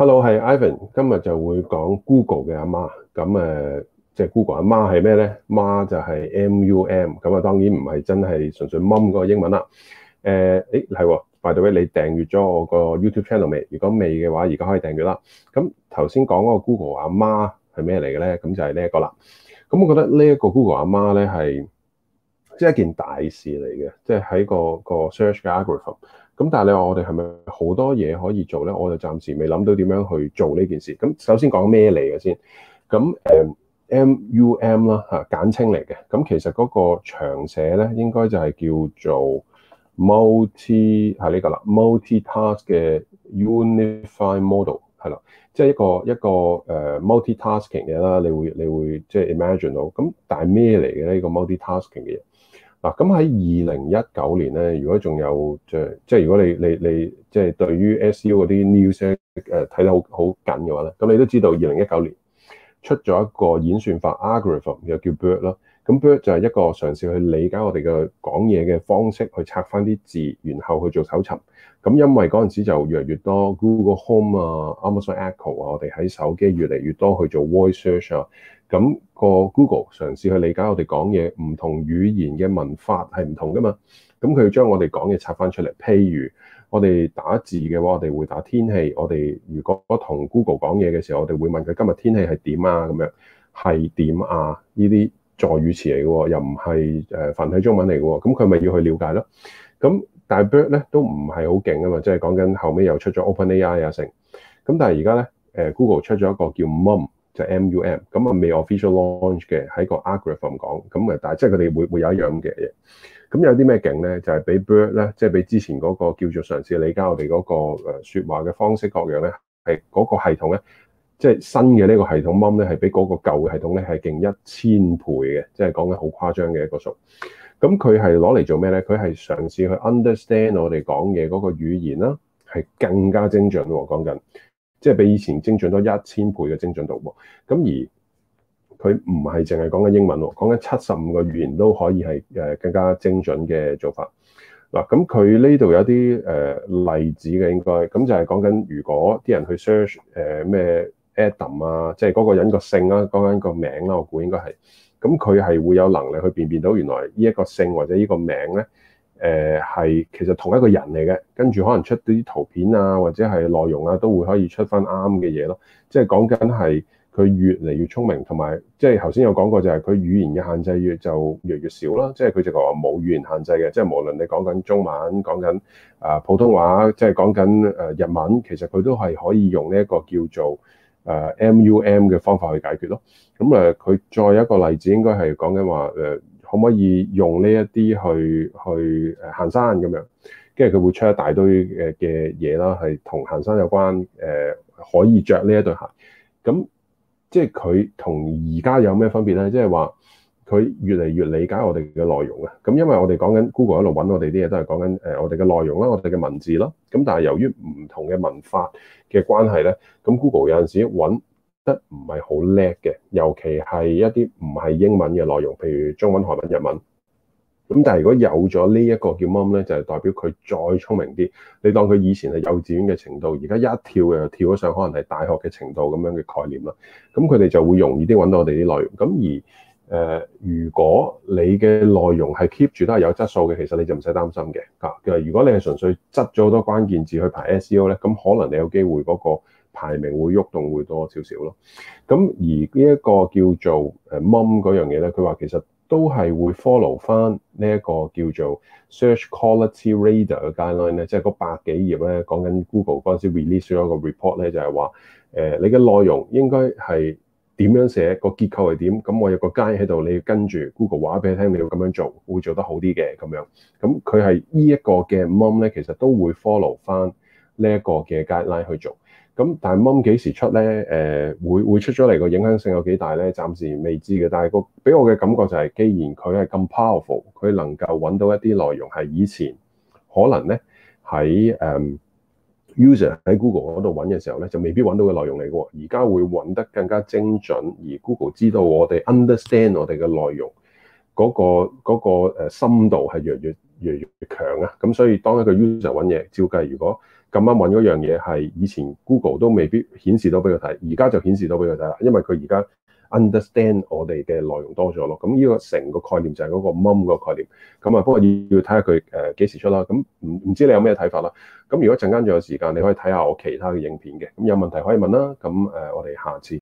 Hello，係 Ivan，今日就會講 Google 嘅阿媽，咁誒即係 Google 阿媽係咩咧？媽、呃、就係 MUM，咁啊當然唔係真係純粹掹 o 嗰個英文啦。誒、呃，誒、欸、係，By the way，你訂閱咗我個 YouTube channel 未？如果未嘅話，而家可以訂閱啦。咁頭先講嗰個 Google 阿媽係咩嚟嘅咧？咁就係呢一個啦。咁我覺得呢一個 Google 阿媽咧係即係、就是、一件大事嚟嘅，即係喺個個 search 嘅 algorithm。咁但係你話我哋係咪好多嘢可以做咧？我就暫時未諗到點樣去做呢件事。咁首先講咩嚟嘅先？咁誒 MUM 啦，嚇簡稱嚟嘅。咁其實嗰個長寫咧應該就係叫做 multi 係呢個啦，multitask 嘅 unified model 係啦，即係一個一個誒 multitasking 嘅啦。你會你會即係 imagine 到咁，但係咩嚟嘅咧？呢個 multitasking 嘅嘢？嗱，咁喺二零一九年咧，如果仲有即係，即係如果你你你即係對於 SEO 嗰啲 news 咧，呃，睇得好好緊嘅話咧，咁你都知道二零一九年出咗一個演算法 algorithm 又叫 BERT 咯。咁 BERT 就係一個嘗試去理解我哋嘅講嘢嘅方式，去拆翻啲字，然後去做搜尋。咁因為嗰陣時就越嚟越多 Google Home 啊、Amazon Echo 啊，我哋喺手機越嚟越多去做 voice search 啊。咁、嗰個 Google 嘗試去理解我哋講嘢，唔同語言嘅文法係唔同㗎嘛。咁佢將我哋講嘢拆翻出嚟。譬如我哋打字嘅話，我哋會打天氣。我哋如果同 Google 講嘢嘅時候，我哋會問佢今日天，天氣係點啊？咁樣係點啊？呢啲助語詞嚟嘅，又唔係誒繁體中文嚟嘅，咁佢咪要去了解咯。咁但係 BERT 咧都唔係好勁啊嘛，即係講緊後尾又出咗 OpenAI 啊成。咁但係而家咧，誒 Google 出咗一個叫 MUM，就 MUM，咁啊未 official launch 嘅喺個 algorithm 講，咁啊但係即係佢哋會會有一樣嘅嘢。咁有啲咩勁咧？就係、是、俾 BERT 咧，即、就、係、是、俾之前嗰個叫做嘗試理解我哋嗰個誒説話嘅方式各樣咧，係嗰個系統咧。即係新嘅呢個系統，噏咧係比嗰個舊嘅系統咧係勁一千倍嘅，即係講緊好誇張嘅一個數。咁佢係攞嚟做咩咧？佢係嘗試去 understand 我哋講嘢嗰個語言啦，係更加精準喎。講緊即係比以前精準多一千倍嘅精準度喎。咁而佢唔係淨係講緊英文喎，講緊七十五個語言都可以係誒更加精準嘅做法。嗱，咁佢呢度有啲誒例子嘅應該，咁就係講緊如果啲人去 search 誒、呃、咩？Adam 啊，即係嗰個人姓、嗰個姓啦，講緊個名啦，我估應該係咁。佢係會有能力去辨別到原來呢一個姓或者呢個名咧，誒、呃、係其實同一個人嚟嘅。跟住可能出啲圖片啊，或者係內容啊，都會可以出翻啱嘅嘢咯。即係講緊係佢越嚟越聰明，同埋即係頭先有講過就係佢語言嘅限制越就越嚟越少啦。即係佢直頭話冇語言限制嘅，即係無論你講緊中文、講緊啊普通話，即係講緊誒日文，其實佢都係可以用呢一個叫做。誒 MUM 嘅方法去解決咯，咁誒佢再一個例子應該係講緊話誒，可唔可以用呢一啲去去誒行山咁樣，跟住佢會出一大堆嘅嘅嘢啦，係同行山有關誒、呃，可以着呢一對鞋，咁即係佢同而家有咩分別咧？即係話。佢越嚟越理解我哋嘅內容啊！咁因為我哋講緊 Google 喺度揾我哋啲嘢，都係講緊誒我哋嘅內容啦，我哋嘅文字咯。咁但係由於唔同嘅文化嘅關係咧，咁 Google 有陣時揾得唔係好叻嘅，尤其係一啲唔係英文嘅內容，譬如中文、韓文、日文。咁但係如果有咗呢一個叫 MUM 咧，就係代表佢再聰明啲。你當佢以前係幼稚園嘅程度，而家一跳又跳咗上可能係大學嘅程度咁樣嘅概念啦。咁佢哋就會容易啲揾到我哋啲內容咁而。誒、呃，如果你嘅內容係 keep 住都係有質素嘅，其實你就唔使擔心嘅。啊，佢、就、話、是、如果你係純粹執咗好多關鍵字去排 SEO 咧，咁、嗯、可能你有機會嗰個排名會喐動，動會多少少咯。咁、嗯、而呢一個叫做誒 mon 嗰樣嘢咧，佢話其實都係會 follow 翻呢一個叫做 Search Quality Rater 嘅 guideline 咧，即係嗰百幾頁咧講緊 Google 嗰陣時 release 咗個 report 咧，就係話誒你嘅內容應該係。點樣寫、個結構係點？咁我有個 guide 喺度，你要跟住 Google 話俾你聽，你要咁樣做，會做得好啲嘅咁樣。咁佢係呢一個嘅 mon 咧，其實都會 follow 翻呢一個嘅 guideline 去做。咁但係 mon 幾時出咧？誒、呃、會會出咗嚟個影響性有幾大咧？暫時未知嘅。但係個俾我嘅感覺就係、是，既然佢係咁 powerful，佢能夠揾到一啲內容係以前可能咧喺誒。user 喺 Google 嗰度揾嘅時候咧，就未必揾到個內容嚟嘅喎。而家會揾得更加精準，而 Google 知道我哋 understand 我哋嘅內容，嗰個嗰個誒深度係越越越越強啊。咁所以當一個 user 揾嘢，照計如果咁啱揾嗰樣嘢係以前 Google 都未必顯示到俾佢睇，而家就顯示到俾佢睇啦，因為佢而家。Understand 我哋嘅內容多咗咯，咁呢個成個概念就係嗰個 mon 個、um、概念，咁啊不過要要睇下佢誒幾時出啦，咁唔唔知你有咩睇法啦，咁如果陣間仲有時間，你可以睇下我其他嘅影片嘅，咁有問題可以問啦，咁誒我哋下次。